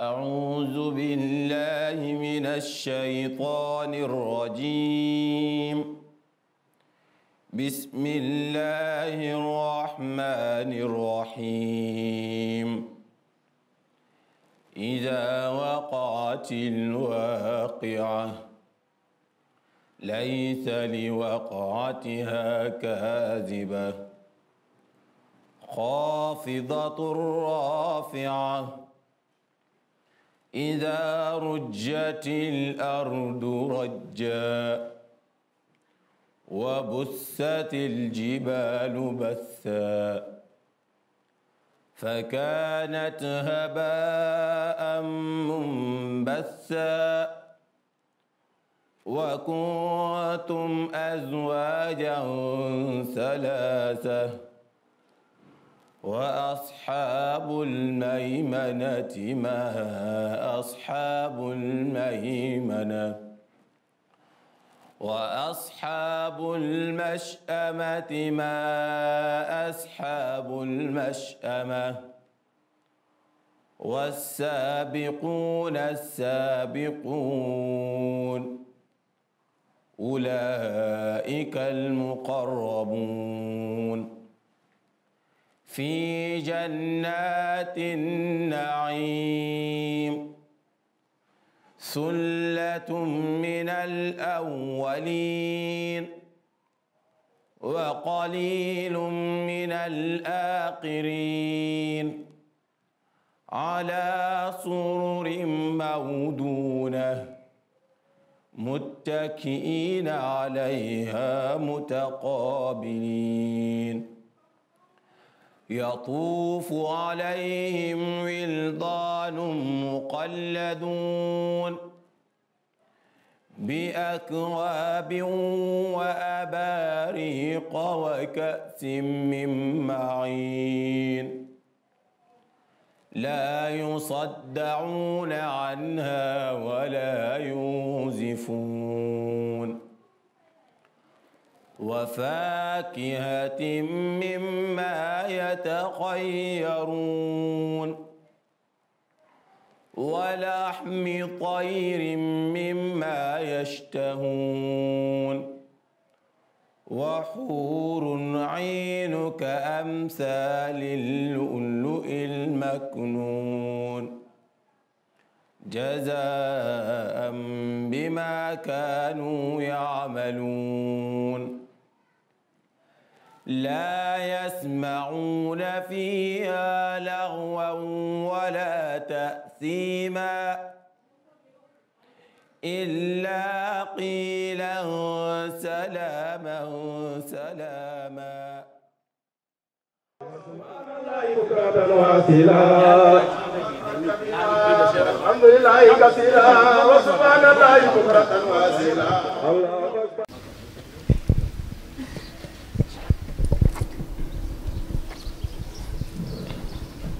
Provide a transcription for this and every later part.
أعوذ بالله من الشيطان الرجيم بسم الله الرحمن الرحيم إذا وقعت الواقعة ليس لوقعتها كاذبة خافضة رافعة إذا رجت الأرض رجا وبثت الجبال بثا فكانت هباء منبثا وكنتم أزواجا ثلاثة وأصحاب الميمنة ما أصحاب الميمنة وأصحاب المشأمة ما أصحاب المشأمة والسابقون السابقون أولئك المقربون في جنات النعيم ثلة من الأولين وقليل من الآخرين على سرر مودونه متكئين عليها متقابلين يطوف عليهم ولدان مقلدون بأكواب وأباريق وكأس من معين لا يصدعون عنها ولا يوزفون وفاكهة مما يتخيرون ولحم طير مما يشتهون وحور عين كأمثال اللؤلؤ المكنون جزاء بما كانوا يعملون لا يسمعون فيها لغوا ولا تأثيما إلا قيلا سلاما سلاما الحمد لله كثيرا وسبحان الله بكرة واسعة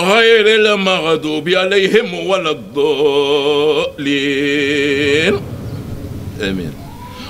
غير المغضوب عليهم ولا الضالين امين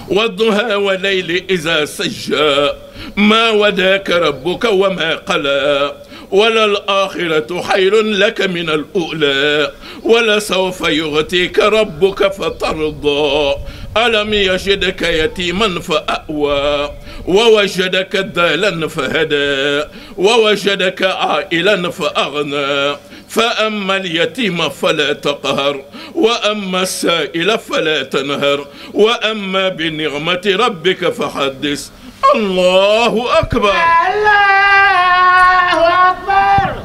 والضحى والليل اذا سجى ما وداك ربك وما قلى ولا الآخرة خير لك من الأولى ولا سوف يغتيك ربك فترضى ألم يجدك يتيما فأوى ووجدك دالا فهدى ووجدك عائلا فأغنى فأما اليتيم فلا تقهر وأما السائل فلا تنهر وأما بنعمة ربك فحدث الله أكبر الله أكبر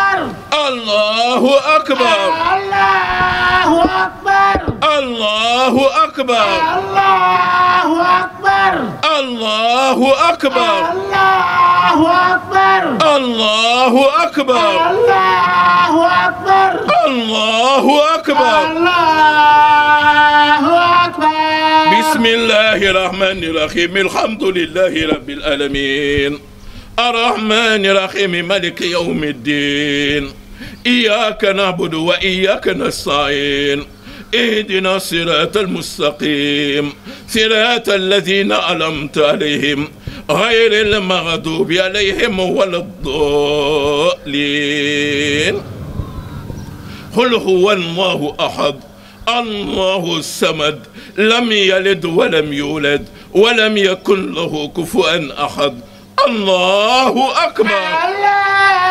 الله أكبر الله أكبر الله أكبر الله أكبر الله أكبر الله أكبر الله أكبر الله أكبر الله أكبر الله أكبر بسم الله الرحمن الرحيم الحمد لله رب العالمين الرحمن الرحيم ملك يوم الدين إياك نعبد وإياك نستعين اهدنا الصراط المستقيم صراط الذين ألمت عليهم غير المغضوب عليهم ولا الضالين قل هو الله أحد الله الصمد لم يلد ولم يولد ولم يكن له كفوا أحد الله أكبر الله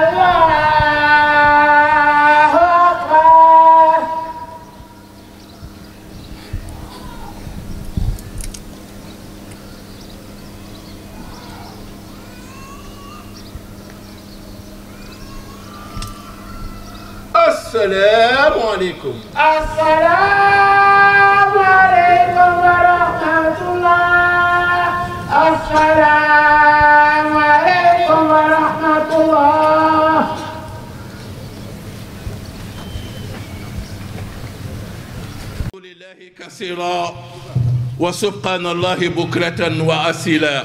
عليكم السلام عليكم ورحمة الله السلام عليكم ورحمة الله لله كثيرا وسبحان الله بكرة وأسلا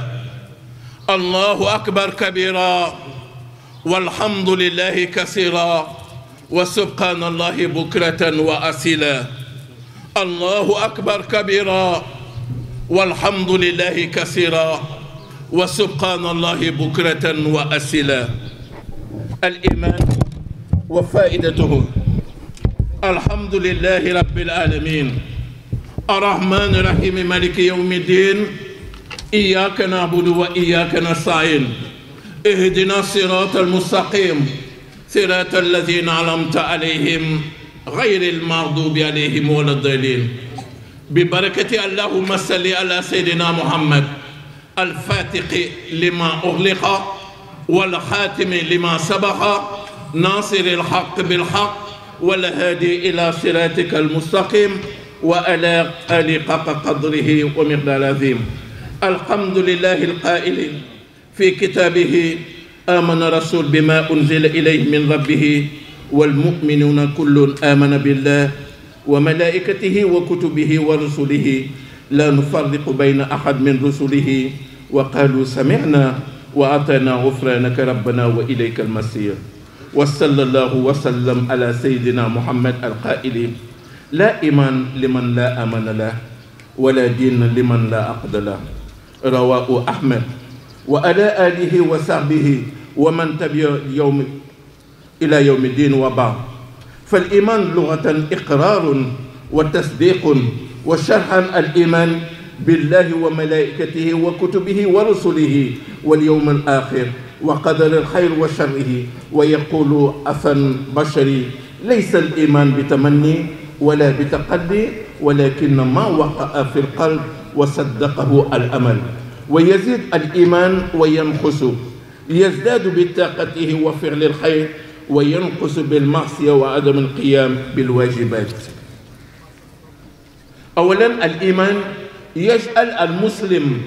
الله أكبر كبيرا والحمد لله كثيرا وسبحان الله بكرة وأسلا الله أكبر كبيرا والحمد لله كثيرا وسبحان الله بكرة وأسلا الإيمان وفائدته الحمد لله رب العالمين الرحمن الرحيم مالك يوم الدين إياك نعبد وإياك نستعين اهدنا الصراط المستقيم صراط الذين علمت عليهم غير المغضوب عليهم ولا الضالين ببركة اللهم صل على سيدنا محمد الفاتق لما أغلق والخاتم لما سبق ناصر الحق بالحق والهادي إلى صراطك المستقيم وألا آل قدره ومقدار عظيم الحمد لله القائل في كتابه آمن رسول بما أنزل إليه من ربه والمؤمنون كل آمن بالله وملائكته وكتبه ورسله لا نفرق بين أحد من رسله وقالوا سمعنا وأعطينا غفرانك ربنا وإليك المصير وصلى الله وسلم على سيدنا محمد القائل لا إيمان لمن لا أمن له ولا دين لمن لا عقد له رواه أحمد وعلى آله وصحبه ومن تبع يوم إلى يوم الدين وبعد فالإيمان لغة إقرار وتصديق وشرحا الإيمان بالله وملائكته وكتبه ورسله واليوم الآخر وقدر الخير وشره ويقول اف بشري ليس الإيمان بتمني ولا بتقلي ولكن ما وقع في القلب وصدقه الأمل ويزيد الإيمان وينقص يزداد بطاقته وفعل الخير وينقص بالمعصية وعدم القيام بالواجبات أولا الإيمان يجعل المسلم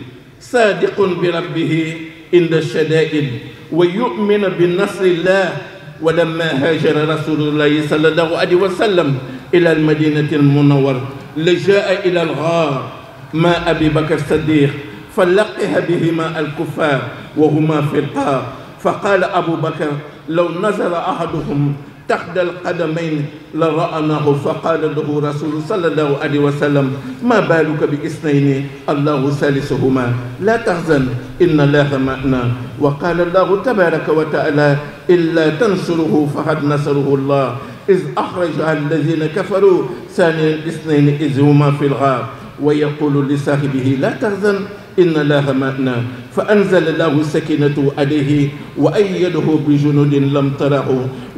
صادق بربه عند الشدائد ويؤمن بالنصر الله ولما هاجر رسول الله صلى الله عليه وسلم إلى المدينة المنورة لجاء إلى الغار مع أبي بكر الصديق فلق فرح بهما الكفار وهما في القاع فقال أبو بكر لو نزل أحدهم تحت القدمين لرأناه فقال له رسول صلى الله عليه وسلم ما بالك باثنين الله ثالثهما لا تحزن إن الله معنا وقال الله تبارك وتعالى إلا تنصره فقد نصره الله إذ أخرج الذين كفروا ثاني الاثنين إذ هما في الغار ويقول لصاحبه لا تحزن إن الله مأنا فأنزل الله سكينته عليه وأيده بجنود لم تره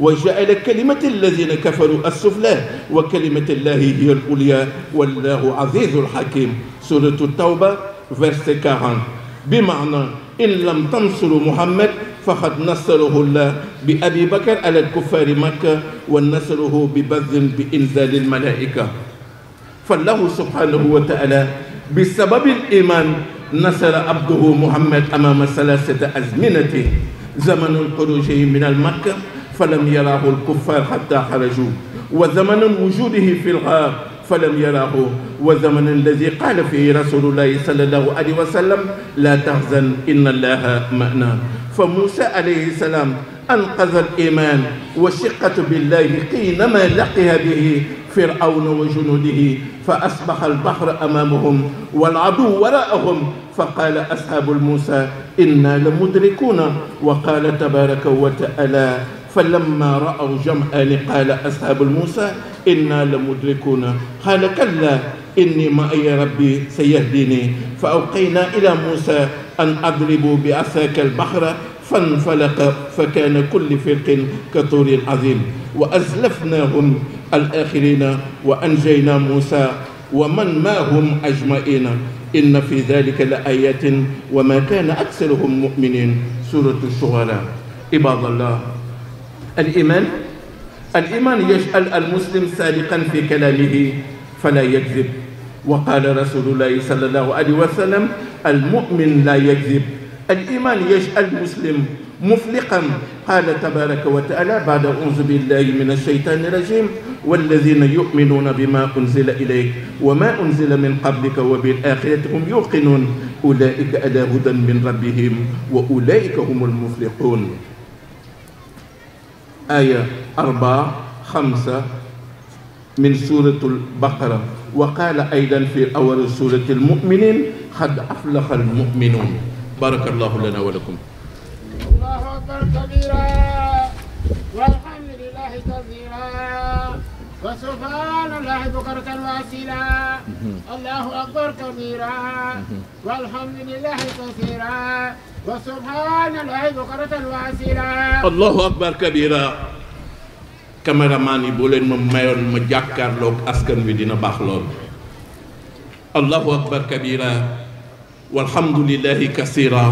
وجعل كلمة الذين كفروا السفلى وكلمة الله هي العليا والله عزيز الحكيم سورة التوبة verset 40 بمعنى إن لم تنصروا محمد فقد نصره الله بأبي بكر على الكفار مكة ونصره ببذل بإنزال الملائكة فالله سبحانه وتعالى بسبب الإيمان نصر عبده محمد أمام ثلاثة أزمنته زمن الخروج من المكة فلم يراه الكفار حتى خرجوا وزمن وجوده في الغار فلم يراه وزمن الذي قال فيه رسول الله صلى الله عليه وسلم لا تحزن إن الله معنا فموسى عليه السلام أنقذ الإيمان والشقة بالله حينما لقي به فرعون وجنوده فأصبح البحر أمامهم والعدو وراءهم فقال أصحاب الموسى إنا لمدركون وقال تبارك وتعالى فلما رأوا جمعان قال أصحاب الموسى إنا لمدركون قال كلا إني معي ربي سيهديني فأوقينا إلى موسى أن أضربوا بعصاك البحر فانفلق فكان كل فرق كطور عظيم وأزلفناهم الآخرين وأنجينا موسى ومن ما هم أجمعين إن في ذلك لآيات وما كان أكثرهم مؤمنين سورة الشغلاء عباد الله الإيمان الإيمان يجعل المسلم سارقا في كلامه فلا يكذب وقال رسول الله صلى الله عليه وسلم المؤمن لا يكذب الإيمان يجعل المسلم مفلقا قال تبارك وتعالى بعد أعوذ بالله من الشيطان الرجيم والذين يؤمنون بما أنزل إليك وما أنزل من قبلك وبالآخرة هم يوقنون أولئك على هدى من ربهم وأولئك هم المفلحون آية أربعة خمسة من سورة البقرة وقال أيضا في أول سورة المؤمنين قد أفلح المؤمنون بارك الله لنا ولكم الله أكبر كبيرا والحمد لله كثيرا وسبحان الله بكرة واسلا الله أكبر كبيرا والحمد لله كثيرا وسبحان الله بكرة واسلا الله أكبر كبيرا caméraman yi boo leen ma mayoon ma jàkkaarloog askan wi dina baax lool allahu akbar والحمد لله كثيرا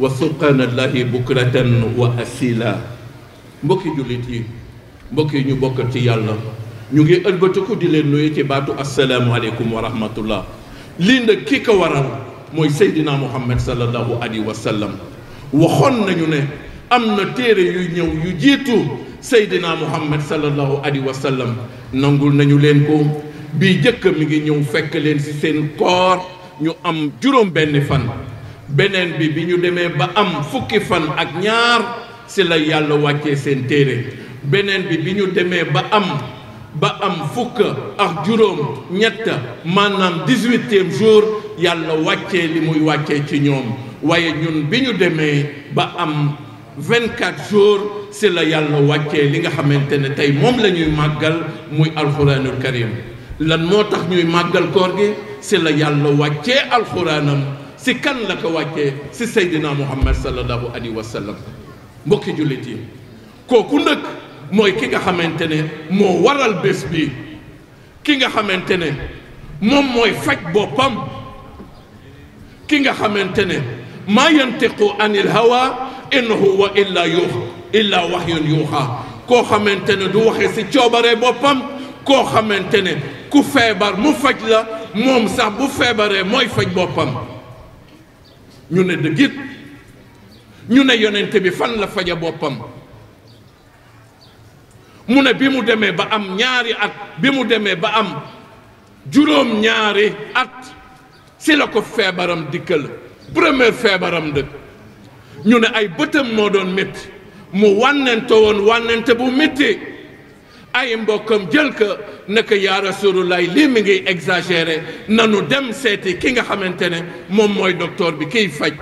وسبحان الله بكرة وأسيلا مكي جلتي مكي نيو بكرتي يالا نيو أربتكو دي لن باتو السلام عليكم ورحمة الله لين كيكا ورال موي سيدنا محمد صلى الله عليه وسلم وخون نيو نه أمنا تيري يو يجيتو سيدنا محمد صلى الله عليه وسلم نانغول نيو لينكو بي جيك ميغي نيو فك لين سي سين كور ñu am juróom benn fan beneen bi bi ñu demee ba am fukki fan ak ñaar si la yàlla wàccee seen téere beneen bi bi ñu demee ba am ba am fukk ak juróom ñett maanaam dix-huitième jour yàlla wàccee li muy wàccee ci ñoom waaye ñun bi ñu demee ba am vingt-quatre jours si la yàlla wàccee li nga xamante ne tey moom la màggal muy alxuraanul karim lan moo tax ñuy màggal koor gi si la yàlla wàccee alxuraanam si kan la ko wàccee si seydina muhammad sallallahu alayhi wa sallam mbokki jullit yi kooku nag mooy ki nga xamante ne moo waral bés bi ki nga xamante ne moom mooy faj ki nga xamante ne yantiqu anil hawa in huwa illa yuux illa wahyun yuuxaa koo xamante ne du waxe si coobare boppam koo xamante ku feebar mu faj la moom sax bu feebaree mooy faj boppam ñu ne dëggit ñu ne yonent bi fan la faja boppam mu ne bi mu demee ba am ñaari at bi mu demee ba am juróom ñaari at si la ko feebaram dikkal première feebaram dëkk ñu ne ay bëtam moo doon métti mu wànnente woon wànnente bu métti ay mbokkam jël ko naka yaa rasulullaay lii mi ngi exagéré nanu dem seeti ki nga xamante ne moom mooy docteur bi kiy faj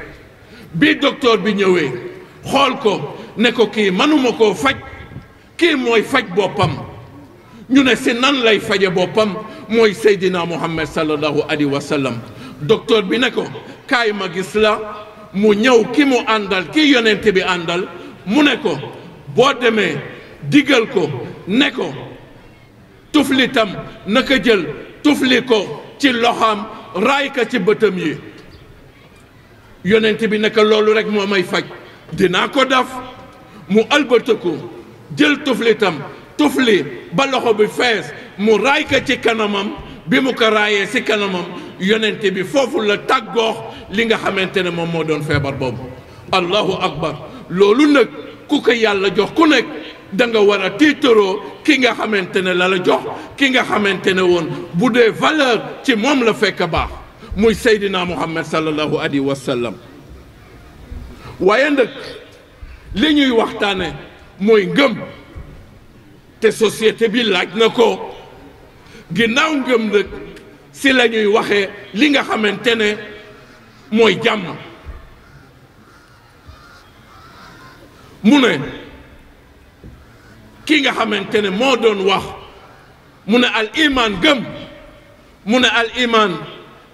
bi docteur bi ñëwee xool ko ne ko kii mënuma koo faj kii mooy faj boppam ñu ne si nan lay faje boppam mooy Seydina Muhammad sallallahu alayhi wa sallam docteur bi ne ko kaay ma gis la mu ñëw ki mu àndal ki yonent bi àndal mu ne ko boo demee digal ko نكو تفلتم نكجل تفلكو تي لوخام رايكا تي بتم يي يوننتي بي نكا لولو رك مومي فاج دينا كو داف مو البرتكو جيل تفلتم تفلي بلوخو بي فاس مو رايكا تي كانامم بي مو كرايي سي كانامم يوننتي بي فوفو لا تاغوخ ليغا خامتني موم مودون فيبر بوب الله اكبر لولو نك كوكا يالا جوخ كو da war a tiitaroo ki nga xamante ne la la jox ki nga xamante ne woon bu dee valeur ci moom la fekk a baax muy Seydina Muhammad sallallahu alayhi wa sallam waaye nag li ñuy waxtaane mooy ngëm te société bi laaj na ko ginnaaw ngëm nag si la waxee li nga xamante ne mooy jàmm mu ne ki nga xamantene mo doon wax mu ne al iman gëm mu ne al iman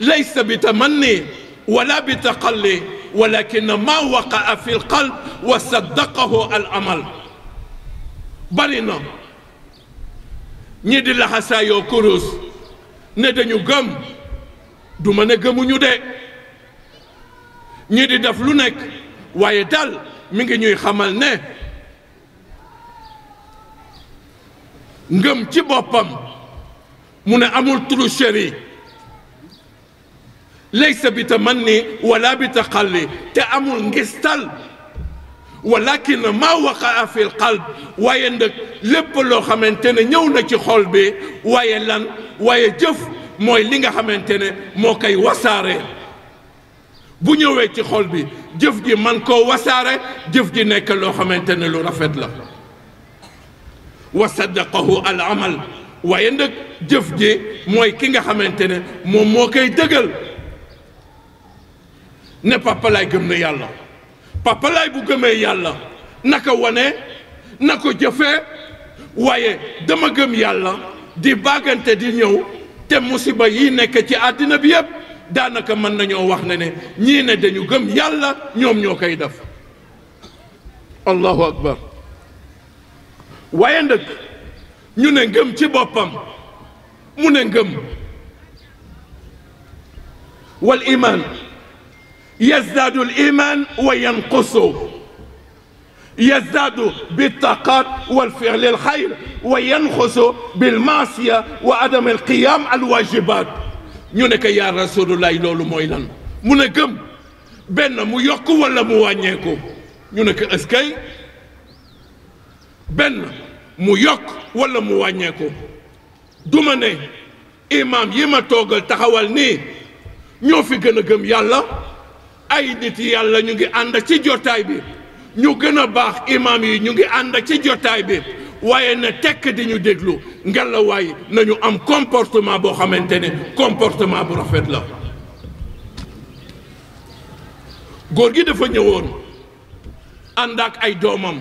laysa bi tamanni wala bi taqalli walakin ma waqaa fi al qalb wa saddaqahu al amal bari na ñi di la laxasaayoo kurus ne dañu gëm du ma ne gëmuñu de ñi di def lu nekk waaye dal mi ngi ñuy xamal ne ngëm ci boppam mu ne amul tru chéri laysa bi tamanni wala bi taqalli te amul ngistal ولكن ما وقع في القلب ويندك لب لو خمنتني نيونا تي خول بي واي لان واي جف موي ليغا خمنتني موكاي وساري بو نيوي تي خول بي جف جي مان كو وساري جف جي نيك لو خمنتني لو رافيت لا وصدقه العمل ويندك جف جي موي كيغا خامتني موم موكاي دغال ني بابا لاي گمنا يالا بابا لاي بو گمي يالا نكا وني نكو جفه واي دما گم يالا دي باگنت دي نيو تي مصيبه يي نك تي ادنا بيب دانكا من نيو واخ ني ني ني دانيو گم يالا نيوم نيوكاي داف الله اكبر waaye nag ñu ne ngëm ci boppam mu ne ngëm wal iman يزداد بالطاقات والفعل الخير وينقص بالمعصية وعدم القيام على الواجبات نونك يا رسول الله لولو موي لان مو نغم بن مو يوكو ولا مو واñéko نونك اسكاي benn mu yokk walla mu wàññeeku duma ne imaam yi ma toogal taxawal nii ñoo fi gën a gëm yàlla ay nit yàlla ñu ngi ànd ci jotaay bi ñu gën a baax imaam yi ñu ngi ànd ci jotaay bi waaye na tekk di ñu déglu ngelawaay nañu am comportement boo xamante ne comportement bu rafet la góor gi dafa ñëwoon ànd ak ay doomam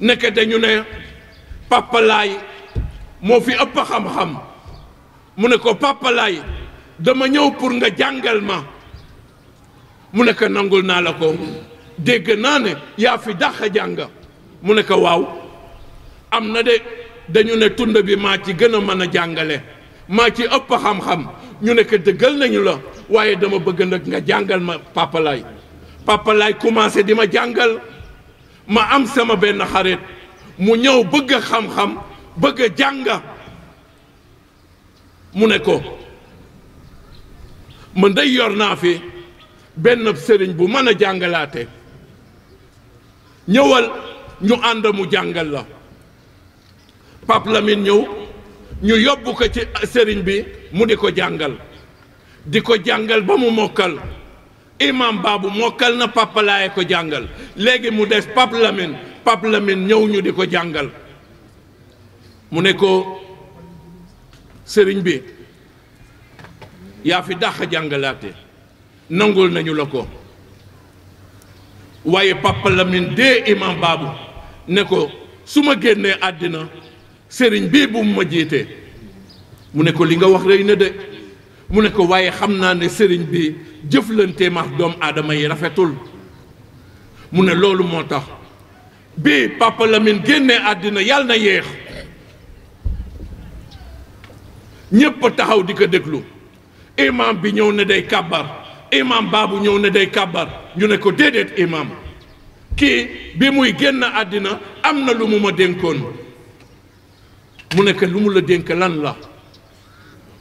nekkete ñu ne papalaay moo fi ëpp xam-xam mu ne ko papalaay dama ñëw pour nga jàngal ma mu nekk ko nangul naa la ko dégg naa ne yaa fi dàq jàng mu ne ko waaw am na de dañu ne tund bi maa ci gën a mën a jàngale maa ci ëpp xam-xam ñu ne dëggal nañu la waaye dama bëgg nag nga jàngal ma papalaay papalaay commencé di ma jàngal ma am sama benn xarit mu ñëw bëgg a xam-xam bëgg jànga mu ne ko mën day yor naa fi benn sëriñ bu mën a jàngalaate ñëwal ñu ànd mu jàngal la Pape ñëw ñu yobbu ko ci sëriñ bi mu di ko jàngal di ko jàngal ba mu mokkal imam Babou mokkal na Papa ko jàngal léegi mu des Papa lamin Papa Lamine ñëw ñu di ko jàngal mu ne ko sëriñ bi yaa fi dàq jàngalaate nangul nañu la ko waaye Papa lamin dee imam Babou ne ko su ma génnee àddina sëriñ bi bu mu ma jiitee mu ne ko li nga wax rëy na de mu ne ko waaye xam naa ne sëriñ bi jëflanteem ak doom aadama yi rafetul mu ne loolu moo tax bi Papa Lamine génnee àddina yàlla na yéex ñépp taxaw di ko déglu imam bi ñëw ne day kàbbar imam baabu ñëw ne day kàbbar ñu ne ko déedéet imam kii bi muy génn àddina am na lu mu ma dénkoon mu nekk lu mu la dénk lan la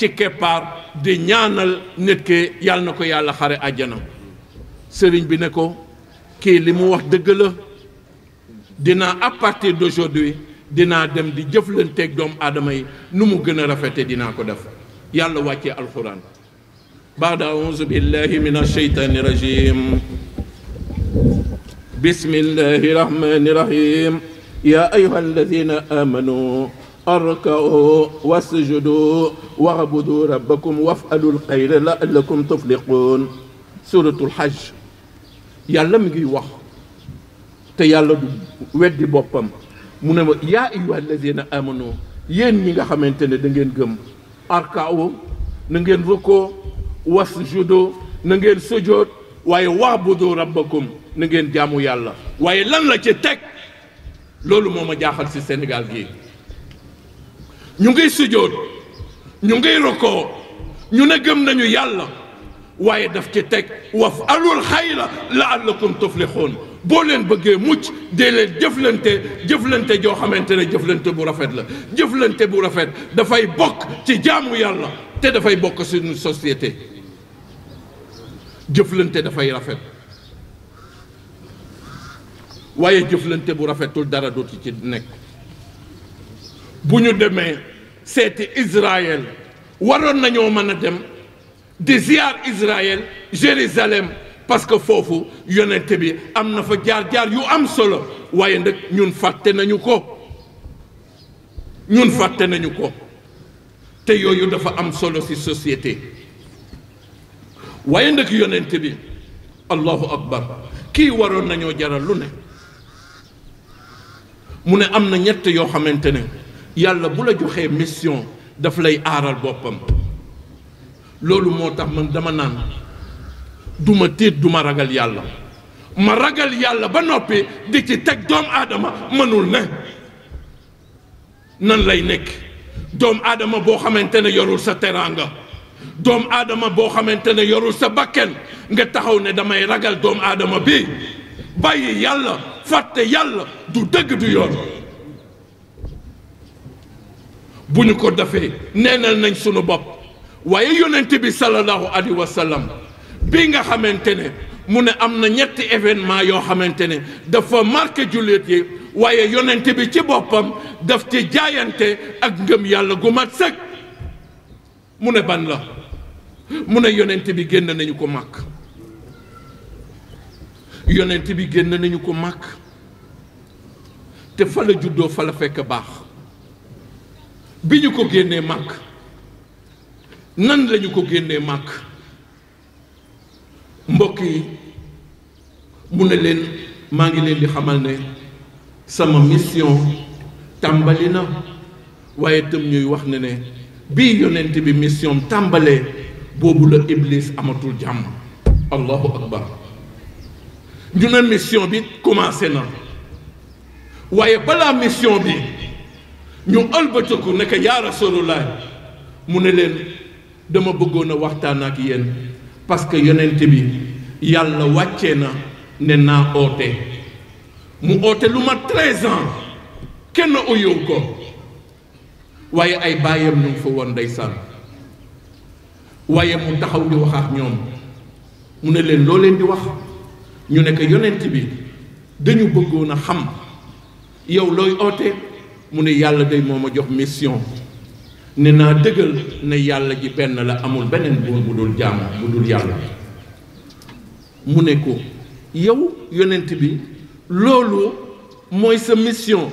ci keppaar di ñaanal nit ki yàlla na ko yàlla xare àjjana sëriñ bi neko ki limu wax dëgg la dinaa à partir d'aujourd'hui dina dem di jëflanteeg ak doom adamay nu mu gëna rafété dina ko def yalla wàccee alcorane بعد أعوذ بالله من الشيطان الرجيم بسم الله الرحمن الرحيم يا أيها الذين آمنوا اركعوا واسجدوا واعبدوا ربكم وافعلوا الخير لعلكم تفلحون سورة الحج يالا ميغي واخ te yàlla du weddi boppam mu ne ma yaa ayuha alladina amanu yéen ñi nga xamante ne da ngeen gëm arkaaw na ngeen rukkoo was judo na ngeen sojoot waaye waabudu rabbakum na ngeen jaamu yàlla waaye lan la ci teg loolu moo ma jaaxal si Sénégal gii ñu ngay sujjoot ñu ngay rokoo ñu ne gëm nañu yàlla waye daf ci tek waf alul khayla laallakum tuflihun bo len beugé mucc de leen jëflante jëflante jo xamantene jëflante bu rafet la jëflante bu rafet da fay bok ci jaamu yàlla te da fay bok ci suñu société jëflante da fay rafet waye jëflante bu rafetul dara dootu ci nek bu ñu demee seeti Israël waroon nañoo mën a dem di ziar Israël Jérusalem parce que foofu yonent bi am na fa jaar-jaar yu am solo waaye nag ñun fàtte nañu ko ñun fàtte nañu ko te yooyu dafa am solo ci société waaye nag yonent bi allahu akbar kii waroon nañoo jaral lu ne mu ne am na ñett yoo xamante ne yàlla bu la joxee mission daf lay aaral boppam loolu moo tax man dama naan du ma tiit du ma ragal yàlla ma ragal yàlla ba noppi di ci teg doom aadama mënul ne nan lay nekk doom aadama boo xamante ne yorul sa teraanga doom aadama boo xamante ne yorul sa bakken nga taxaw ne damay ragal doom aadama bi bàyyi yàlla fàtte yàlla du dëgg du yoon bu ñu ko defee neenal nañ sunu bopp waaye yonent bi sallallahu alayhi wa sallam bi nga xamante ne mu ne am na ñetti événement yoo xamante ne dafa marqué jullit yi waaye yonent bi ci boppam daf ci jaayante ak ngëm yàlla gu mat sëkk mu ne ban la mu ne yonent bi génn nañu ko màkk yonent bi génn nañu ko màkk te fa la juddoo fa la fekk baax bi ñu ko génnee màkk nan lañu ko génnee màkk mbokk yi mu ne leen maa ngi leen di xamal ne sama mission tàmbali na waaye tam ñuy wax na ne bii yonent bi mission tàmbalee boobu la ibliis amatul jàmm allahu akbar ñu ne mission bi commencé na waaye balaa mission bi ñu ëlbatiku ne ko yaa rasulullah mu ne leen dama bëggoon a waxtaan ak yéen parce que yonent bi yàlla wàcce na ne naa oote mu oote lu ma treize ans kenn uyu ko waaye ay bàyyam ñu ngi fa woon ndeysaan waaye mu taxaw di wax ñoom mu ne leen loo leen di wax ñu nekk ko yonent bi dañu bëggoon a xam yow looy oote mu ne yàlla day moo ma jox mission ne naa dëggal ne yàlla ji benn la amul beneen buur bu dul jaamu bu dul yàlla mu ne ko yow yonent bi loolu mooy sa mission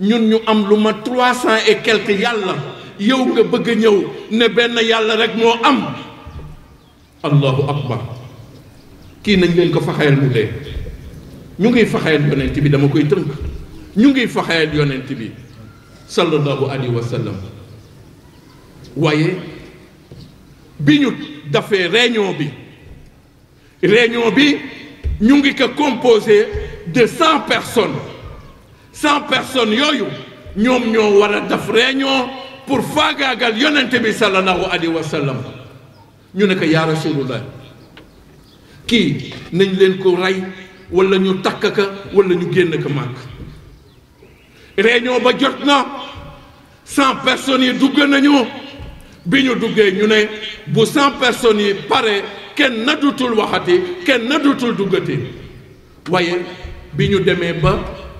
ñun ñu am lu ma trois cent et quelque yàlla yow nga bëgg a ñëw ne benn yàlla rek moo am allahu akbar kii nañ leen ko faxeel mu dee ñu ngiy faxeel yonent bi dama koy tënk ñu ngiy faxeel yonent bi sallallahu alayhi wa sallam waye biñu dafé réunion bi réunion bi ñu ngi ko composé de 100 personnes 100 personnes yoyu ñom ño wara def réunion pour fagagal yonnate bi sallallahu alayhi wa sallam ñu ne ko ya rasulullah ki nañ leen ko ray wala ñu takka ka wala ñu genn ka mak réunion ba jot na cent personnes yi dugg nañu bi ñu duggee ñu ne bu cent personnes yi pare kenn na waxati kenn na duggati waaye bi ñu demee ba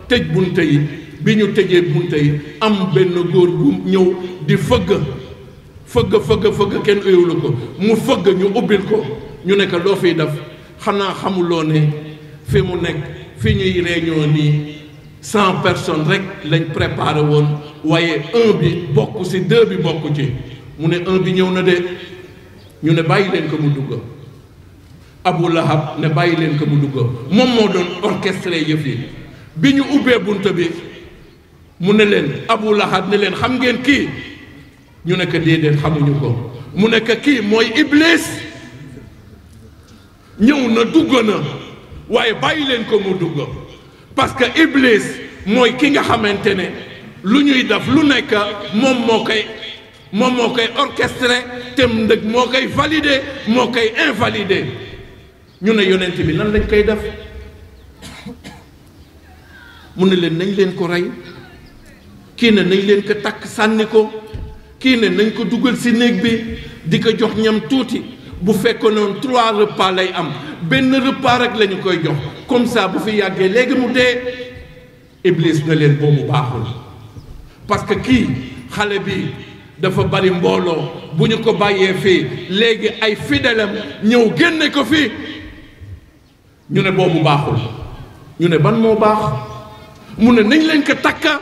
tëj bunte yi bi ñu tëjee bunte yi am benn góor bu ñëw di fëgg fëgg fëgg kenn uyulu ko mu fëgg ñu ubbil ko ñu ne ko loo fiy def xanaa xamuloo ne fi mu nekk fi ñuy réunion nii cent personnes rek lañ prépare woon waaye un bi bokk ci deux bi bokk ci mu ne un bi ñëw na de ñu ne bàyyi leen ko mu dugg Abu Lahab ne bàyyi leen ko mu dugg moom moo doon orchestré yëf yi bi ñu ubbee bunt bi mu ne leen Abu Lahab ne leen xam ngeen kii ñu ne ko déedéet xamuñu ko mu ne ko kii mooy Iblis ñëw na dugg na waaye bàyyi leen ko mu dugg. parce que Iblis mooy ki nga xamante ne lu ñuy def lu nekk moom moo koy moom moo koy orchestré te ndëg moo koy valide moo koy invalidé ñu ne yonent bi nan lañ koy def mu ne leen nañ leen ko rey kii ne nañ leen ko takk sànni ko kii ne nañ ko dugal ci néeg bi di ko jox ñam tuuti bu faites trois repas lay am benn repas rek la jox comme ça bu fi yàggee léegi mu dee Iblis na leen boobu baaxul parce que kii xale bi dafa bari mbooloo bu ñu ko bàyyee fii léegi ay fidèlam ñëw génne ko ne boobu baaxul ñu ne ban moo baax mu ne leen ko takka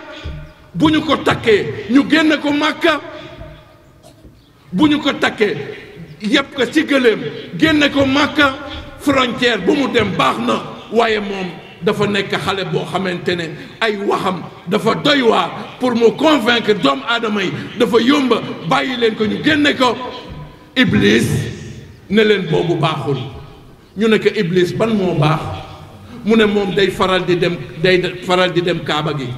bu ko takkee ñu génne ko màkka bu yëpp ko ci gëléem génne ko màkka frontière bu mu dem baxna waye mom dafa nek xalé bo xamantene ay waxam dafa doy waar pour mu convaincre doomu adamay dafa yomba bàyyi leen ko ñu génne ko iblis ne leen boobu baxul ñu nek iblis ban mo bax mu ne mom day faral di dem day faral di dem kaaba gi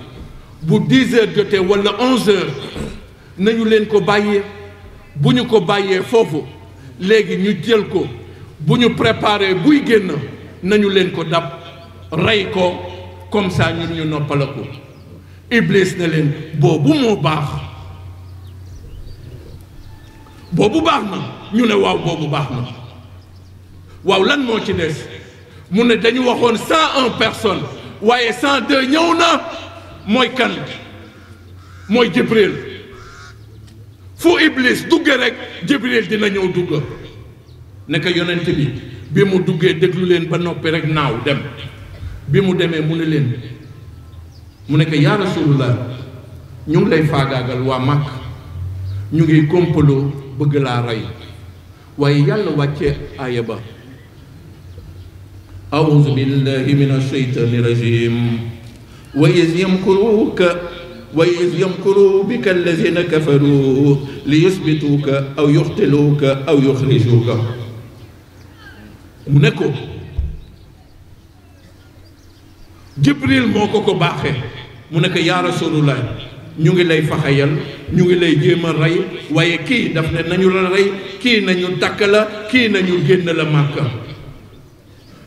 bu 10 h jotee wala 11 h nañu len ko bayé buñu ko bayé fofu léegi ñu jël ko bu ñu préparé buy génn nañu leen ko dab rey ko comme ça ñun ñu noppalaku iblis ne leen boobu moo baax boobu baax na ñu ne waaw boobu baax na waaw lan moo ci des mu ne dañu waxoon cent un personnes waaye cent deux ñëw na mooy kan mooy Jibril fu iblis dugge rekk jibril dina ñëw dugg naka yonent bi bi mu duggee déglu leen ba noppi rek naaw dem bi mu demee mu ne leen mu nekk ko yaa rasulullah ñu ngi lay faagaagal waa màkk ñu ngi kompaloo bëgg laa rey waaye yàlla wàcce aaya ba auzu billahi min alsheytaani rajim wa iz yamkuruka وإذ يمكروا بك الذين كفروا ليثبتوك أو يقتلوك أو يخرجوك منكو جبريل موكو كو باخي منك يا رسول الله نيغي لاي فخيال نيغي لاي جيما راي واي كي داف نه نانيو لا راي كي نانيو داكلا كي نانيو ген لا ماكا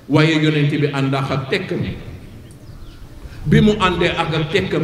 واي يونتي بي اندا خا تيكم بيمو اندي اك تيكم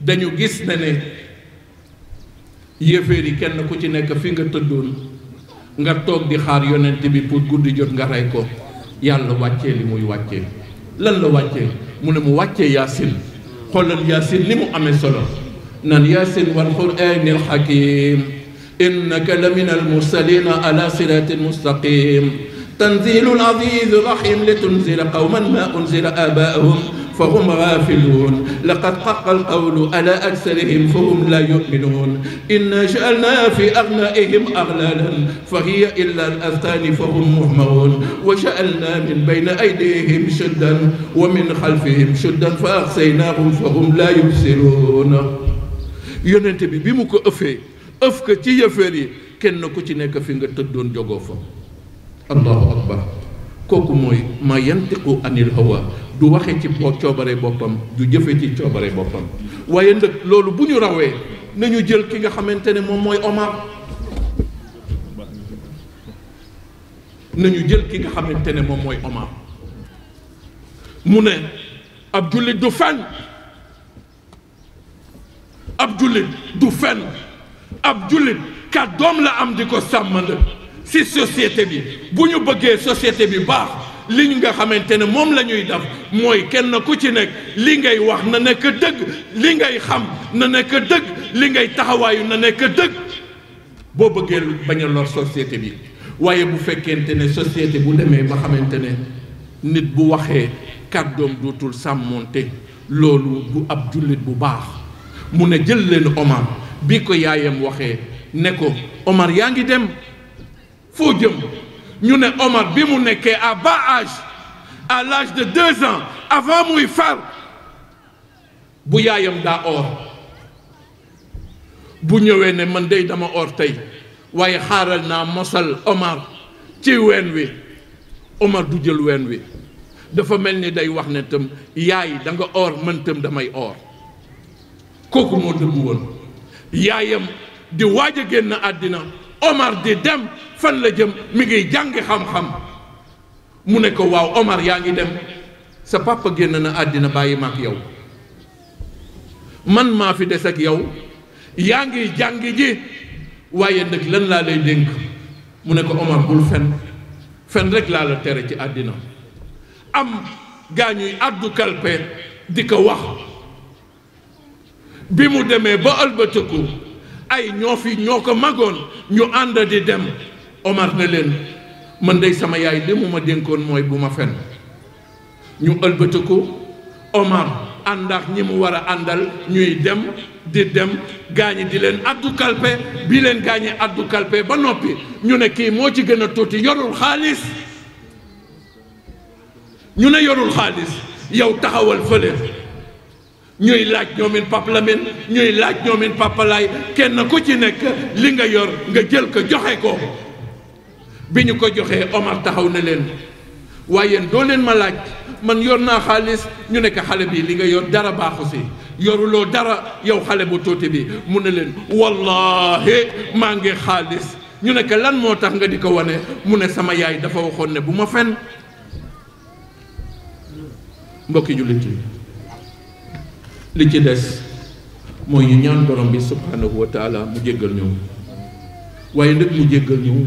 dañu gis na ne yéeféer yi kenn ku ci nekk fi nga tëddoon nga toog di xaar yonent bi pour guddi jot nga rey ko yàlla wàccee li muy wàccee lan la wàccee mu ne mu wàccee yaasin xoolal yaasin ni mu amee solo nan yaasin wal quraanil hakiim innaka la min al mursaliina ala siraatin mustaqim tanziilul aziizir rahiim li tunzira qawman maa unzira aabaa'uhum فهم غافلون لقد حق القول على أكثرهم فهم لا يؤمنون إنا جعلنا في أغنائهم أغلالا فهي إلا الأذقان فهم مهمرون وجعلنا من بين أيديهم شدا ومن خلفهم شدا فأغسيناهم فهم لا يبصرون ينتبه بمك bi أفك ko ëffee ëff ko ci yëfër yi kenn ku ci nekk fi nga du waxee ci coobare boppam du jëfee ci coobare boppam waaye ndëg loolu bu ñu rawee nañu jël ki nga xamante ne moom mooy Omar nañu jël ki nga xamante ne moom mooy Omar mu ne ab jullit du fenn ab jullit du fenn ab jullit kàddoom la am di ko sàmm si société bi bu ñu bëggee société bi baax Linga nga xamantene ne lañuy la def kenn ku ci nek li ngay wax na nek deug li ngay xam na nek deug li ngay na nekk lor société bi waye bu ne société bu que ba xamantene ne nit bu dootul samonté lolu du ab bu baax mu jël len Omar bi ko Omar dem ñu ne Omar bi mu nekkee à bas âge à l'âge de deux ans avant muy far bu yaayam daa or bu ñëwee ne man dey dama or tey waaye xaaral naa mosal Omar ci ween wi Omar du jël ween wi dafa mel ni day wax ne tam yaay da nga or man damay or kooku moo dëgg woon yaayam di waaj génn àddina Omar di dem fan la jëm mi ngi jàngi xam-xam mu ne ko waaw Omar yaa ngi dem sa papa génn na àddina bàyyi mag yow man maa fi des ak yow yaa ngi jàngi ji waaye nag lan laa lay dénk mu ne ko Omar bul fen fen rek laa la tere ci àddina am gaa ñuy àddu kalpe di ko wax bi mu demee ba ëlbatiku ay ñoo fi ñoo ko magoon ñu ànd di dem Omar ne leen man day sama yaay li mu ma dénkoon mooy bu ma fen ñu ëlbatiku Omar ànd ñi mu war a àndal ñuy dem di dem gaañi di leen addu kalpe bi leen gaañi addu kalpe ba noppi ñu ne kii moo ci gën a tuuti yorul xaalis ñu ne yorul xaalis yow taxawal fële ñuy laaj ñoomin pap lamin ñuy laaj ñoomin papalaay kenn ku ci nekk li nga yor nga jël ko joxe ko bi ñu ko joxee Omar taxaw na leen waaye yéen doo leen ma laaj man yoon naa xaalis ñu nekk xale bi li nga yoon dara baaxu si yoruloo dara yow xale bu tuuti bi mu ne leen wallaahi maa ngi xaalis ñu nekk lan moo tax nga di ko wane mu ne sama yaay dafa waxoon ne bu ma fen mbokki jullit yi li ci des mooy ñu ñaan borom bi subhanahu wa taala mu jéggal ñëw waaye nag mu jéggal ñëw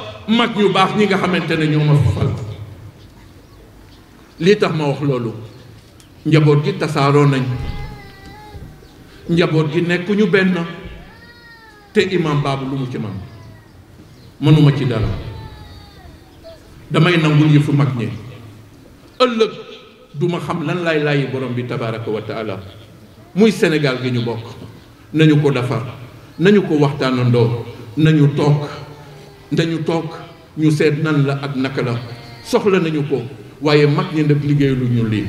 mag ñu baax ñi nga xamante ne ñoo ma fal lii tax ma wax loolu njaboot gi tasaaroo nañ njaboot gi nekkuñu benn te imam baabu lu mu ci man mënuma ci dara damay nangu nangul yëfu mag ñi ëllëg duma xam lan lay laayi borom bi tabaraka wa muy Sénégal gi ñu bokk nañu ko defar nañu ko waxtaanandoo nañu toog dañu toog ñu seet nan la ak naka la soxla nañu ko waaye mag ñi nag liggéey lu ñu lii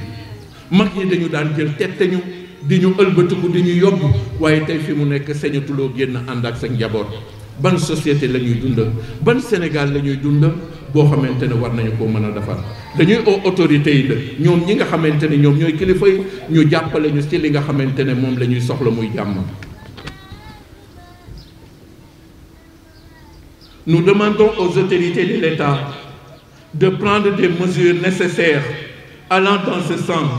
mag ñi dañu daan jël tette ñu di ñu ëlbatiku di ñu yóbbu waaye tey fi mu nekk sañatuloo génn ànd ak sa njaboot ban société la ñuy dund ban Sénégal la ñuy boo xamante ne war nañu ko mën a defar dañuy oo autorités yi la ñoom ñi nga xamante ne ñoom ñooy kilifa yi ñu jàppale ñu ci li nga xamante ne moom la ñuy soxla muy jàmm Nous demandons aux autorités de l'État de prendre des mesures nécessaires allant dans ce sens,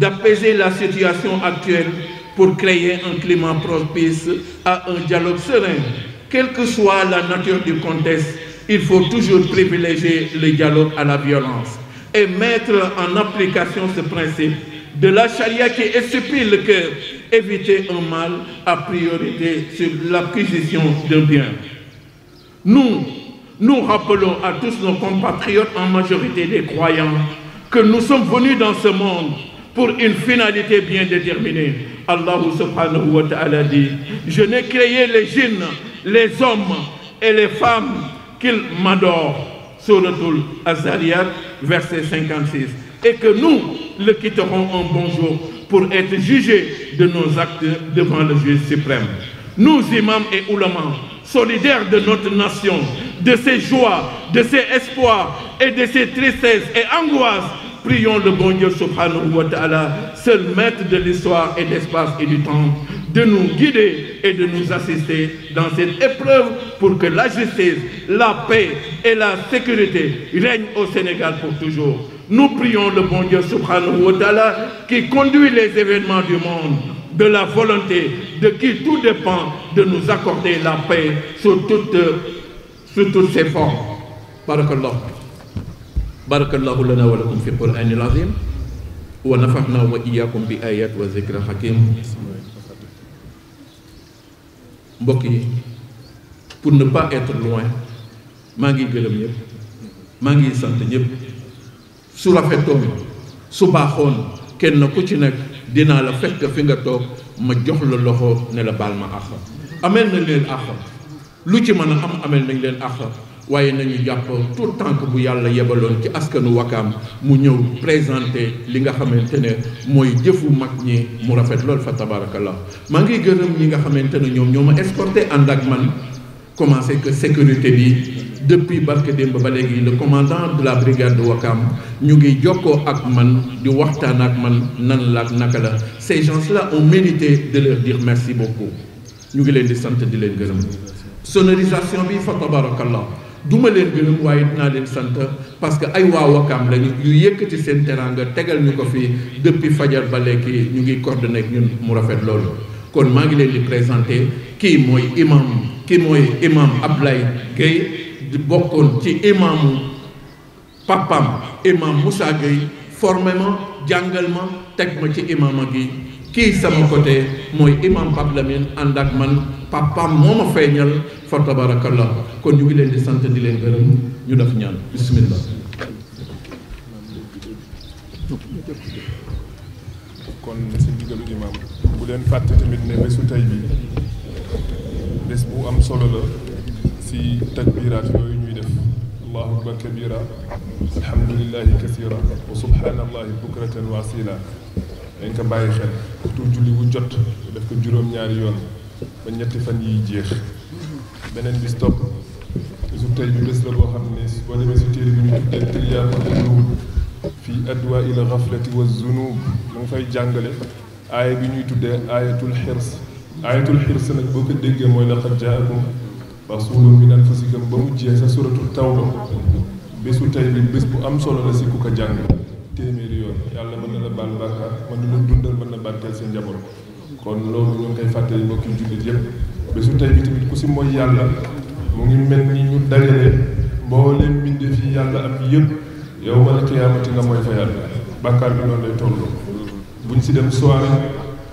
d'apaiser la situation actuelle pour créer un climat propice à un dialogue serein. Quelle que soit la nature du contexte, il faut toujours privilégier le dialogue à la violence et mettre en application ce principe de la charia qui est stipule que éviter un mal a priorité sur l'acquisition d'un bien. Nous, nous rappelons à tous nos compatriotes, en majorité des croyants, que nous sommes venus dans ce monde pour une finalité bien déterminée. Allah subhanahu wa ta'ala dit Je n'ai créé les djinns, les hommes et les femmes qu'ils m'adorent. Suratul Azariat, verset 56. Et que nous le quitterons un bon jour pour être jugés de nos actes devant le juge suprême. Nous, imams et oulamans, solidaire de notre nation, de ses joies, de ses espoirs et de ses tristesses et angoisses. Prions le bon Dieu subhanahu wa ta'ala, seul maître de l'histoire et de l'espace et du temps, de nous guider et de nous assister dans cette épreuve pour que la justice, la paix et la sécurité règnent au Sénégal pour toujours. Nous prions le bon Dieu subhanahu wa ta'ala qui conduit les événements du monde de la volonté de qui tout dépend de nous accorder la paix sous toutes, sous ses formes. Barakallah. Barakallah wa wa hakim. pour ne pas être loin mangi suis gërëm mangi sante ngi sant ñëpp ken dinaa la fekk fi nga toog ma jox la loxo ne la baal ma àq ameel nañ leen àq lu ci mën a am ameel nañ leen àq waaye nañu jàpp tout tànk bu yàlla yebaloon ci askanu wakaam mu ñëw présenté li nga xamante ne mooy jëfu mag ñi mu rafet loolu fa la maa ngi gërëm ñi nga xamante ne ñoom ñoo ma escorté ànd ak man commencé que sécurité bi depuis barke le commandant de la brigade de Wakam nous ngi Akman, ak man di été nan la ces gens-là ont mérité de leur dire merci beaucoup Nous ngi leen di di leen sonorisation bi fa tabarakallah leen waye leen parce que ay Wakam lañu yu yëkëti seen teranga tegal ñu depuis fajar ba léegi ñu ngi coordonné ñun mu rafet loolu kon ngi di bokkoon ci imaamu papam imaam Moussa Gueye formé ma jàngal ma teg ma ci imaama gi kii sama côté mooy imaam Pape Lamine ànd ak man papam moo ma feeñal fa tabarakallah kon ñu ngi leen di sant di leen gërëm ñu def ñaan bismillah kon si ndigalu imaam bu leen fàtte tamit ne bésu tey bi bés bu am solo la si takbiraat yooyu ñuy def allahu akbar kabira alhamdulilahi kasira wa subhanallahi bukratan wa asila dañ ko bàyyi xel waxtu julli wu jot def ko juróom-ñaari yoon ba ñetti fan yi jeex benen bi stop su tay bi bés la bo xamne ne boo demee si téere bi ñu tudde tuddee ko ñu fi adwa ila ghaflati wa zunub mo ngi fay jàngale aaya bi ñuy tudde ayatul hirs ayatul hirs nak boo ko déggee mooy laqad jaakum rasuulun min anfusikum ba mu jeex sa suratul tawba bésu tey bi bés bu am solo la si ku ko jàng téeméeri yoon yàlla man na la baal bàkkaar mën na la dundal man na bànteel seen njaboot kon loolu ñu fàttali mbokki jullit yépp bésu tey bi tamit ku si mooy yàlla mu ngi mel ni ñu dajale mbooleem mbindeef yi yàlla am yëpp yow wala qiyaamati nga mooy fa yàlla bàkkaar bi noonu lay toll buñ si dem soirée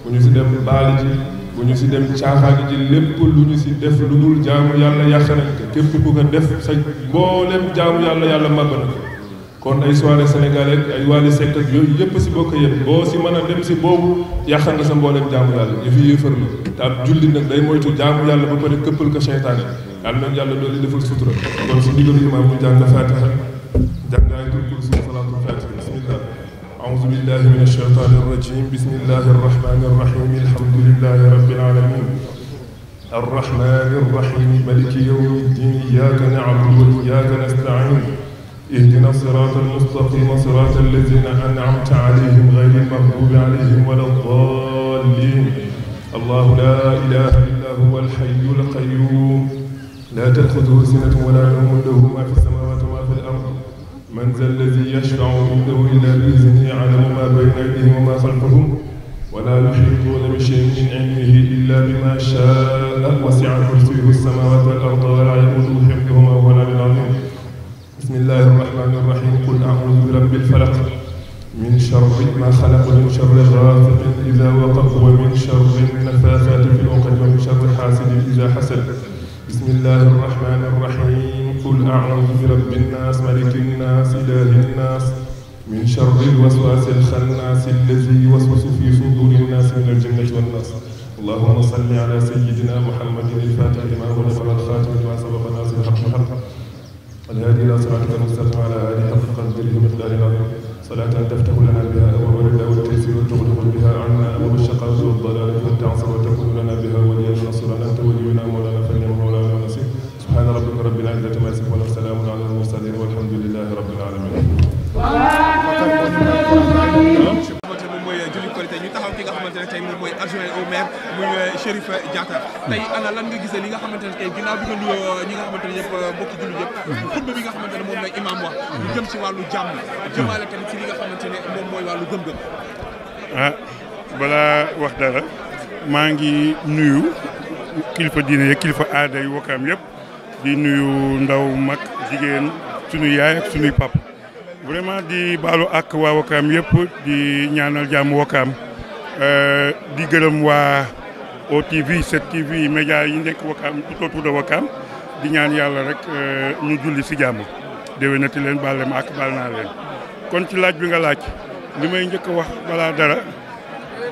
bu ñu si dem baali bu ñu si dem caaxaan ji lépp lu ñu si def lu dul jaamu yàlla yàq nañ ko képp ku ko def sa mboolem jaamu yàlla yàlla màgg na ko kon ay soirée sénégalaise ay Wally Seck ak yooyu yëpp si bokk yëpp boo si man a dem si boobu yàq na sa mboolem jaamu yàlla yëf yi yëfar la te ab julli nag day moytu jaamu yàlla ba pare këppal ko seytaane yàlla nañ yàlla doolu defal sutura kon si ndigal imaam bu jàng faatiha jàng ay tur أعوذ بالله من الشيطان الرجيم بسم الله الرحمن الرحيم الحمد لله رب العالمين الرحمن الرحيم ملك يوم الدين إياك نعبد وإياك نستعين اهدنا الصراط المستقيم صراط الذين أنعمت عليهم غير المغضوب عليهم ولا الضالين الله لا إله إلا هو الحي القيوم لا تأخذه سنة ولا نوم له ما في السماوات من ذا الذي يشفع عنده إلا بإذنه يعلم ما بين أيديهم وما خلفهم ولا يحيطون بشيء من علمه إلا بما شاء وسع كرسيه السماوات والأرض ولا يئوده حفظهما وهو العلي العظيم بسم الله الرحمن الرحيم قل أعوذ برب الفلق من شر ما خلق من شر غاسق إذا وقف ومن شر النفاثات في العقد ومن شر حاسد إذا حسد بسم الله الرحمن الرحيم قل أعوذ برب الناس ملك الناس إله الناس من شر الوسواس الخناس الذي يوسوس في صدور الناس من الجنة والناس اللهم صل على سيدنا محمد الفاتح لما ولد على الخاتم لما سبق ناصر الحق حقا الهادي إلى صراطك المستقيم على آله حق قدره مقدار العظيم صلاة تفتح لنا بها أبواب الهدى والتيسير وتغلق بها عنا أبواب ne moom mooy adjoint au maire muy euh, Chérif Diatta tey ana lan nga gisee li nga xamante tey ginnaaw bi nga nuyoo euh, ñi nga xamante ne yëpp mbokki euh, jullit yëpp xutba bi nga xamante moom la imam wax ñu jëm ci wàllu jàmm jëmaale tamit ci li nga xamante moom mooy wàllu gëm-gëm ah, balaa wax dara maa ngi nuyu kilifa diine yeeg kilifa aada yu Wakaam yëpp di nuyu ndaw mag jigéen sunu yaay ak sunuy pap vraiment di baalu ak waa Wakaam yëpp di ñaanal jàmm Wakaam Euh, di gërëm waa OTV 7TV média yi nekk Wakaam tout autour de Wakaam di ñaan yàlla rek euh, ñu julli si jàmm déwénati leen baal ma ak baal naa leen kon ci laaj bi nga laaj li may njëkk a wax balaa dara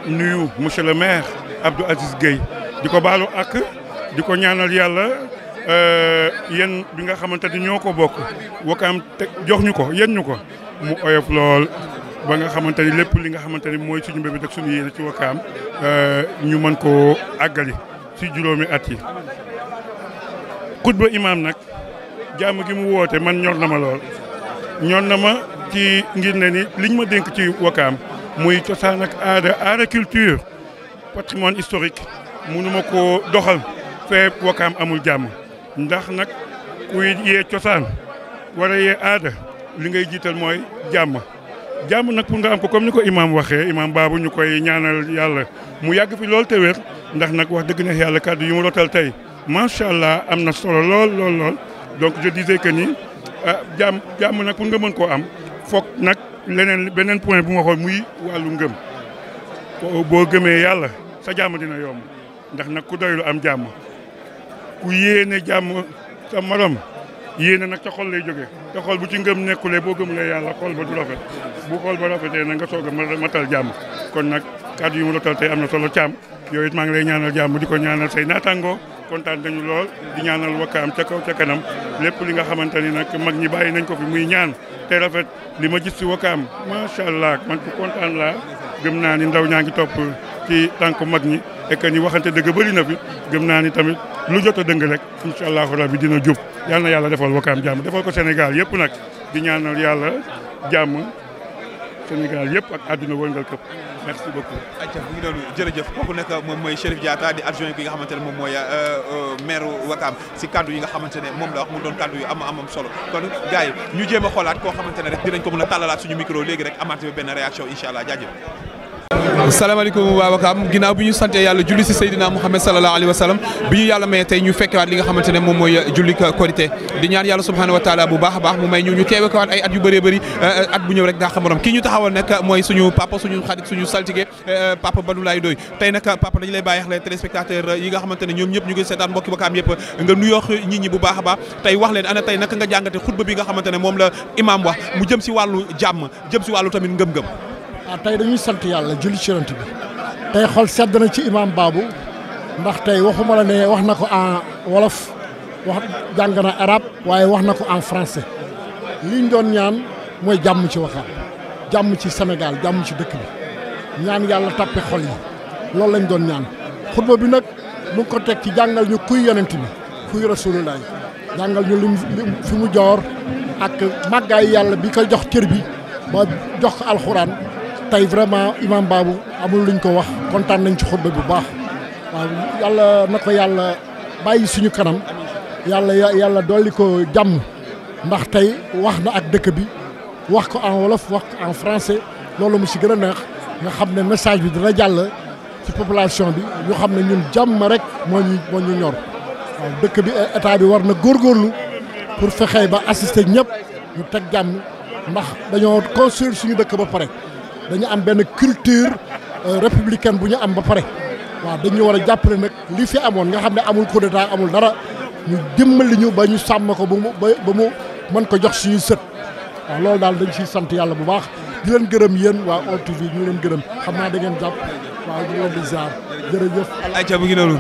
nuyu monsieur le maire Abdou Aziz Guèye di ko baalu ak di ko ñaanool yàlla euh, yéen bi nga xamante ni ñoo ko bokk Wakaam te jox ñu ko yéen ñu ko mu oyof lool ba nga xamante ni lépp li nga xamante ni mooy suñu mbébét ak suñu yéene ci Wakaam euh, ñu mën koo àggali ci juróomi at yi. xutba imaam nag jàmm gi mu woote man ñor na ma lool ñor na ma ci ngir ne ni liñ ma dénk ci Wakaam muy cosaan ak aada aada culture patrimoine historique mënu koo doxal fee Wakaam amul jàmm ndax nag kuy yee cosaan wala yee aada li ngay jiital mooy jàmm. jàmm nag pour nga am comme ni ko imaam waxee imaam baabu ñu koy ñaanal yàlla mu yàgg fi loolu te wér ndax nag wax dëgg neex yàlla kàddu yu mu rotal tey macha allah am na solo lool lool lool. donc je disais que ni ah jàmm jàmm nag pour koo am foog nag leneen beneen point bu ma waxoon muy wàllu ngëm boo gëmee yàlla sa jàmm dina yomb ndax nag ku doylu am jàmm ku yéene jàmm sa morom yéene nag ca xol lay jógee te xol bu ci ngëm nekkulee boo gëmulee yàlla xol ba du rafet bu xol ba rafetee nag nga soog a matal jàmm kon nag kàddu yu ma tey am na solo caam yooyu it maa ngi lay ñaanal jàmm di ko ñaanal say naataangoo kontaan nañu lool di ñaanal wakkaam ca kaw ca kanam lépp li nga xamante ni nag mag ñi bàyyi nañ ko fi muy ñaan te rafet li ma gis si wakkaam macha allah man ku kontaan laa gëm naa ni ndaw ñaa ngi topp ci tànk mag ñi et que ñu waxante dëgg bëri na fi gëm naa ni tamit lu jot a dëng rek incha allahu rabbi dina jub yal na yàlla defal wakaam jàmm defal ko Sénégal yëpp nag di ñaanal yàlla jàmm Sénégal yëpp ak àdduna wërngal këpp merci beaucoup. ayca ngi doon jërëjëf kooku nekk moom mooy Chérif Diatta di adjoint bi nga xamante ne moom mooy euh, euh, maire Wakaam si kaddu yi nga xamante ne moom la wax mu doon kaddu yu am amam solo kon gars yi ñu jéem a xoolaat koo xamante ne rek ko mën a suñu micro léegi rek amaat benn réaction incha allah salaamaaleykum waa Wakaam ginnaaw bi ñu sante yàlla julli si Seydina Mouhamed sallallahu alayhi wa sallam bi ñu yàlla may tey ñu fekkewaat li nga xamante ne moom mooy uh, julli korité wa a baax mu may ñu ñu teewekewaat ay at yu bëree bëri uh, at bu ñëw rek dàq morom uh, tey nag papa dañu lay bàyyi xel yi nga xamante ne ñoom ñëpp ñu ngi seetaan mbokki Wakaam yëpp nga nuyoo nit ñi bu baax a baax tey wax leen ana tey naka nga bi nga xamante ne moom la jëm si wàllu jàmm jëm si wàllu tamit ngëm-ngëm ah tey dañuy sant yàlla julli ci yonent bi tey xol sedd na ci imam Babou ndax tey waxuma la ne wax na ko en wolof wax jàng na arab waaye wax na ko en français liñ doon ñaan mooy jàmm ci waxam jàmm ci Sénégal jàmm ci dëkk bi ñaan yàlla tàppe xol yi loolu lañ doon ñaan xutba bi nag mu ko teg ci jàngal ñu kuy yonent bi kuy rasulullaay jàngal ñu lim fi mu joor ak màggaay yàlla bi ko jox cër bi ba jox ko alxuraan tey vraiment imam baabu amul luñ ko wax kontaan nañ ci xutba bu baax waaw yàlla na ko yàlla bàyyi suñu kanam yàlla yàlla dolli ko jàmm ndax tey wax na ak dëkk bi wax ko en wolof wax ko en français loolu mu si gën a neex nga xam ne message bi dina jàll ci population bi ñu xam ne ñun jàmm rek moo ñu moo ñu ñor dëkk bi état bi war na góor góorlu pour fexe ba assister ñëpp ñu teg jàmm ndax dañoo construire suñu dëkk ba pare. dañu am benn culture euh, républicaine bu ñu am ba pare waaw dañu war a jàppale nag li fi amoon nga xam ne amul coup d'état amul dara ñu dimbali ñu ba ñu sàmm ko ba mu ba mu mën ko jox suñu sët waaw loolu daal dañ ciy sant yàlla bu baax di leen gërëm yéen waa OTV ñu leen gërëm xam naa da ngeen jàpp. waaw ñu ngi leen di ziar jërëjëf ayca mu ngi noonu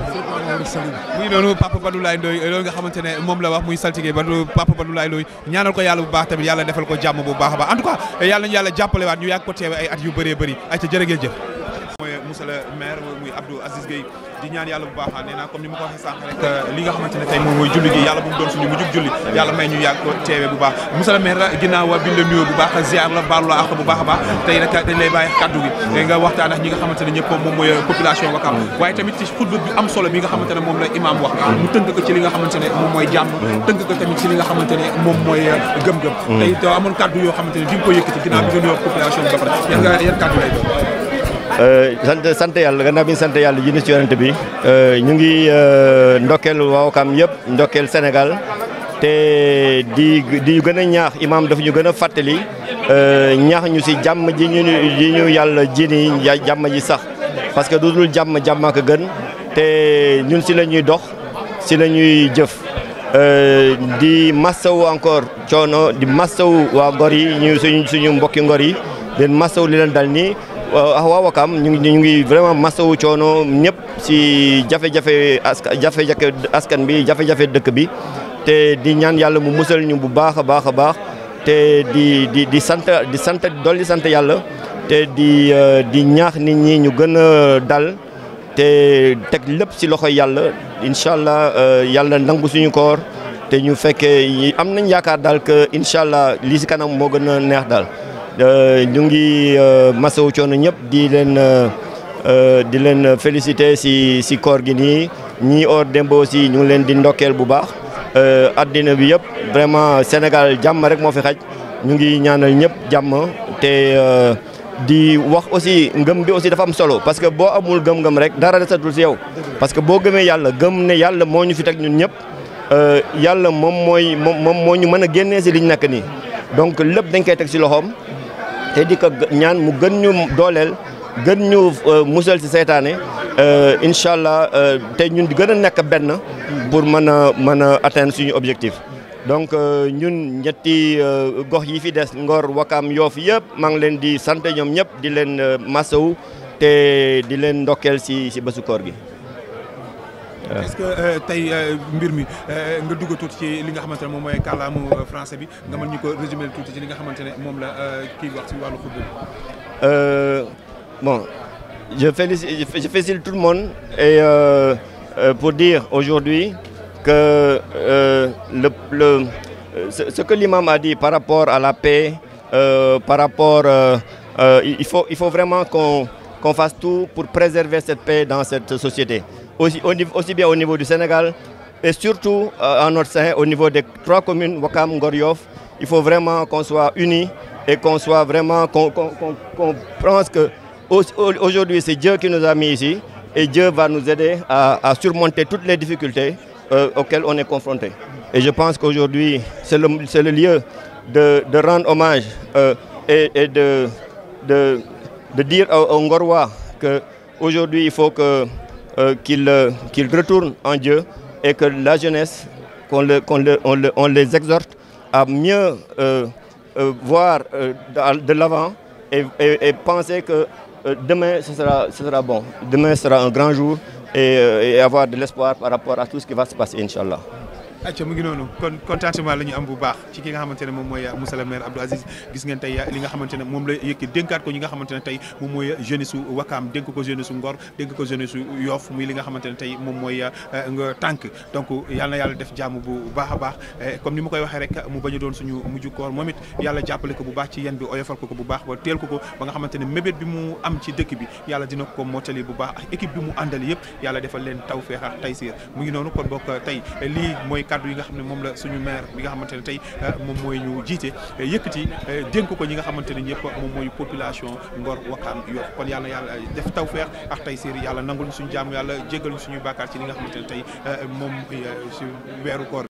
mu ngi noonu Papa Badulaay Ndoy loolu nga xamante ne moom la wax muy saltige ba Papa Badulaay Ndoy ñaanal ko yàlla bu baax tamit yàlla defal ko jàmm bu baax a baax en tout cas yàlla ñu yàlla jàppale ñu yàgg ko teewe at yu bëree bëri ayca jërë ngeen jëf mooy monsieur le maire muy Abdou Aziz Gueye di ñaan yàlla bu baax nee naa comme ni ma ko waxee sànq rek euh, li nga xamante tey moom mooy julli gi yàlla bu doon suñu mujj julli yàlla may ñu yàgg ko teewe bu baax monsieur le maire ginnaaw bi la nuyoo bu baax ziar la baalu la ak bu baax baax tey lay bàyyi kaddu gi nga waxtaan ak nga xamante euh, mm. moom la imam wax mu tënk ko ci li nga xamante moom mooy mm. euh, gëm-gëm mm. tey amoon kaddu yoo xamante ne ko yëkkati Euh, sant sant yàlla gannaaw bi sant yàlla junni ci yonent bi euh, ñu ngi euh, ndokkeel waa Ouakam yëpp ndokkeel Sénégal te di di gën a ñaax imaam dafa ñu gën a fàttali ñaax ñu si jàmm ji ñu ji ñu yàlla ji ni jàmm ji sax parce que du dul jàmm jàmm a gën te ñun si lañuy dox si la ñuy jëf di massawu encore coono di massawu waa ngor yi ñu suñu mbokki ngor yi leen massawu li leen dal nii waa ah, Wakaam ñu ngi ñu ngi vraiment masawu coono ñëpp si jafe-jafe askan askan bi jafe-jafe dëkk bi te di ñaan yàlla mu musal ñu bu baax a baax a baax te di di di sant di sant dolli sant yàlla te di euh, di ñaax nit ñi ñu gën a dal te teg lépp si loxo yàlla incha allah euh, yàlla nangu suñu koor te ñu fekkee am nañ yaakaar daal que incha allah lii si kanam moo gën a neex daal. Euh, ñu ngi euh, masawu coono ñëpp di leen euh, di leen félicité si si koor gi nii ñii or démb aussi ñu ngi leen di ndokkeel bu baax addina bi yëpp vraiment Sénégal jàmm rek moo fi xaj ñu ngi ñaanal ñëpp jàmm te di wax aussi ngëm bi aussi dafa am solo parce que boo amul gëm-gëm rek dara desatul si yow parce que boo gëmee yàlla gëm ne yàlla moo ñu fi teg ñun ñëpp yàlla moom mooy moom moom moo ñu mën a génnee si liñ nekk nii donc lépp dañ koy teg si loxoom te di ko ñaan mu gën ñu dooleel gën ñu euh, musal ci seytaane euh, incha allah euh, te ñun di gën a nekk benn pour mën a mën a atteindre suñu objectif. donc ñun ñetti gox yi fi des Ngor Wakaam Yoof yëpp maa ngi leen di sant ñoom ñëpp di leen masawu te di leen ndokkeel ci ci bésu koor gi. Euh. est-ce que bon je félicite je tout le monde et euh, euh, pour dire aujourd'hui que le ce que l'imam a dit par rapport à la paix par rapport il faut il faut vraiment qu'on fasse tout pour préserver cette paix dans cette société aussi, aussi bien au niveau du Sénégal et surtout euh, en notre sein, au niveau des trois communes, Wakam, Il faut vraiment qu'on soit unis et qu'on soit vraiment, qu'on pense que aujourd'hui c'est Dieu qui nous a mis ici et Dieu va nous aider à, surmonter toutes les difficultés euh, auxquelles on est confronté. Et je pense qu'aujourd'hui, c'est le, le, lieu de, de rendre hommage euh, et, de, de, dire aux, aux que qu'aujourd'hui, il faut que euh, qu'ils euh, retournent en Dieu et que la jeunesse, qu'on on les exhorte à mieux euh, voir de l'avant et, penser que demain, ce sera, bon. Demain sera un grand jour et, et avoir de l'espoir par rapport à tout ce qui va se passer, Inch'Allah. acca mu ngi noonu kon contentement la ñu am bu baax ci ki nga xamante ne moom mooy euh, Moussa le maire Abdou Aziz gis ngeen tey euh, li nga xamante moom la yëkki dénkaat ko ñi nga xamante tey moom mooy euh, jeunesse donc yal yàlla def jàmm bu baax a baax comme ni ma koy waxee rek mu bañ a doon suñu mujj koor moom it yàlla jàppale ko bu baax ci yen bi oyofal ko ko bu baax ba teel ko ko ba nga xamante mébét bi mu am ci dëkk bi yàlla dina ko mottali bu baax ak équipe leen taw feex ak kaddu yi nga xam ne moom la suñu maire bi nga xamante ne tey euh, moom mooy ñu jiite euh, yëkkati euh, dénk ko ñi nga xamante ne ñëpp moom mooy population Ngor Wakam Yoff kon yàlla na yàlla def tawfeex ak tey séeri yàlla nangul ñu suñu jaamu yàlla jéggal ñu suñu bàkkaar ci li nga xamante ne tey moom si weeru koor